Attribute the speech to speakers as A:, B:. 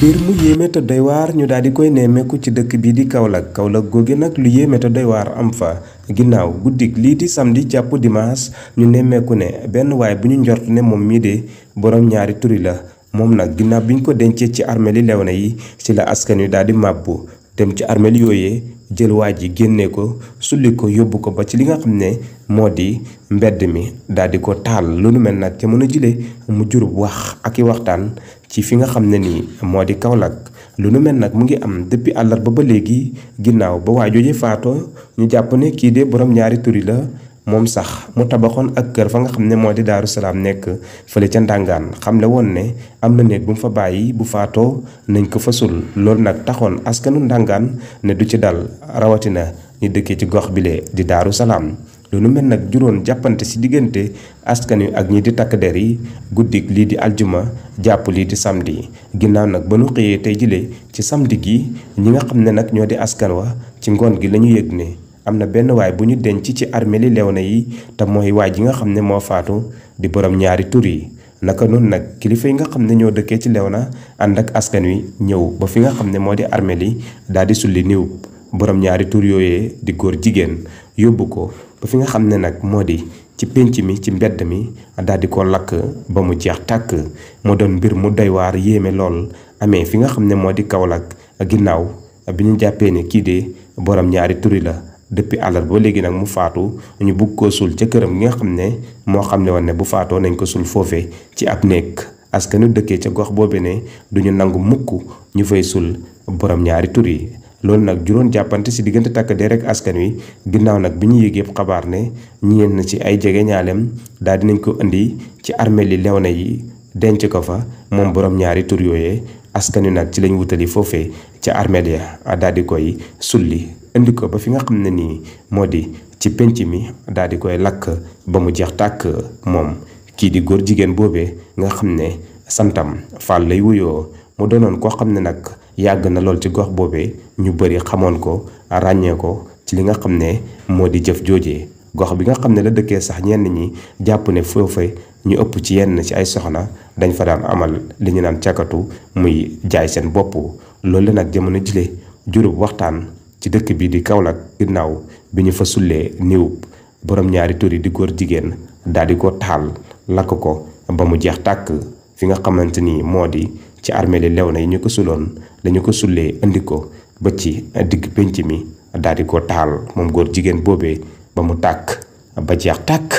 A: mbir mu yéeme te waar ñu daal di koy nemmeeku ci dëkk bii di Kaolack Kaolack googe nag lu yéeme te am fa ginnaaw guddik lii di samedi jàpp dimaas ñu nemmeeku ne benn waay bu ñu njort ne moom mii de borom ñaari turi la moom nag ginnaaw bi ñu ko dencee ci armée li lew na yi ci la askan wi daal di màbbu dem ci armeeli li jël waa ji génne ko sulli ko yóbbu ko ba ci li nga xam ne moo di mbedd mi daal di ko taal lu nu mel nag jamono jile mu jurub wax ak waxtaan ci fi nga xam ne nii moo di Kaolack lu nu mel nag mu ngi am depuis àllarba ba léegi ginnaaw ba waa jooje faatoo ñu jàpp ne kii de borom ñaari turi la moom sax mu tabaxoon ak kër fa nga xam ne moo di Daaru Salaam nekk fële ca Ndàngaan xamle woon ne am na néeg bu mu fa bàyyi bu faatoo nañ ko fasul loolu nag taxoon askanu Ndàngaan ne du ci dal rawatina ñu dëkkee ci gox bile di Daaru Salaam lu nu mel nag juróon jàppante ci diggante askan wi ak ñi di takk der yi guddik lii di aljuma jàpp lii di samdi ginnaaw nag ba nu xëyee tey jile ci samdi gi ñi nga xam ne nag ñoo di askan wa ci ngoon gi la yëg ne am na benn waay bu ñu denc ci armée li lew na yi te mooy waay ji nga xam ne moo faatu di borom ñaari tur yi naka noonu nag kilifa yi nga xam ne ñoo dëkkee ci na ànd ak askan wi ñëw ba fi nga xam ne moo di armeel yi daal di sulli niw borom ñaari tur yooyee di góor jigéen yóbbu ko ba fi nga xam ne nag moo di ci pénc mi ci mbedd mi daal di ko lakk ba mu jeex tàkk moo doon mbir mu doy waar yéeme lool amee fi nga xam ne moo di Kaolack ginnaaw bi ñu jàppee ne kii de borom ñaari turi la depuis àllarba ba léegi nag mu faatu ñu bugg ko suul ca këram gi nga xam ne moo xam ne woon ne bu faatoo nañ ko suul foofe ci ab néeg askanu dëkkee ca gox boobe ne duñu nangu mukk ñu fay suul borom ñaari tur yi loolu nag juróon jàppante si diggante takk der ak askan wi ginnaaw nag bi ñu yëgee xabaar ne na ci ay jege ñaaleem daal nañ ko indi ci armée yi lew na yi denc ko fa moom borom ñaari tur yooyee askan wi nag ci lañ wutali foofee ca armée ya daal di koy sulli indi ko ba fi nga xam ne nii moo di ci pénc mi daal di koy lakk ba mu jeex tàkk moom kii di góor jigéen boobee nga xam ne santam Fall lay wuyoo mu doonoon koo xam ne nag yàgg na lool ci gox boobee ñu bëri xamoon ko ràññee ko ci li nga xam ne moo di jëf jooje gox bi nga xam ne la dëkkee sax ñenn ñi jàpp ne foofee ñu ëpp ci yenn ci ay soxna dañ fa daan amal li ñu naan càkkatu muy jaay seen bopp loolu la nag jamono jile jurub waxtaan ci dëkk bi di Kaolack ginnaaw bi ñu fa sullee niwub borom ñaari tur yi di góor jigéen daal di ko taal lakk ko ba mu jeex tàkk fi nga xamante ni moo di ci armée li lew na yi ñu ko suloon dañu ko sullee indi ko ba ci digg pénc mi daal ko taal moom góor jigéen boobee ba mu tàkk ba jeex tàkk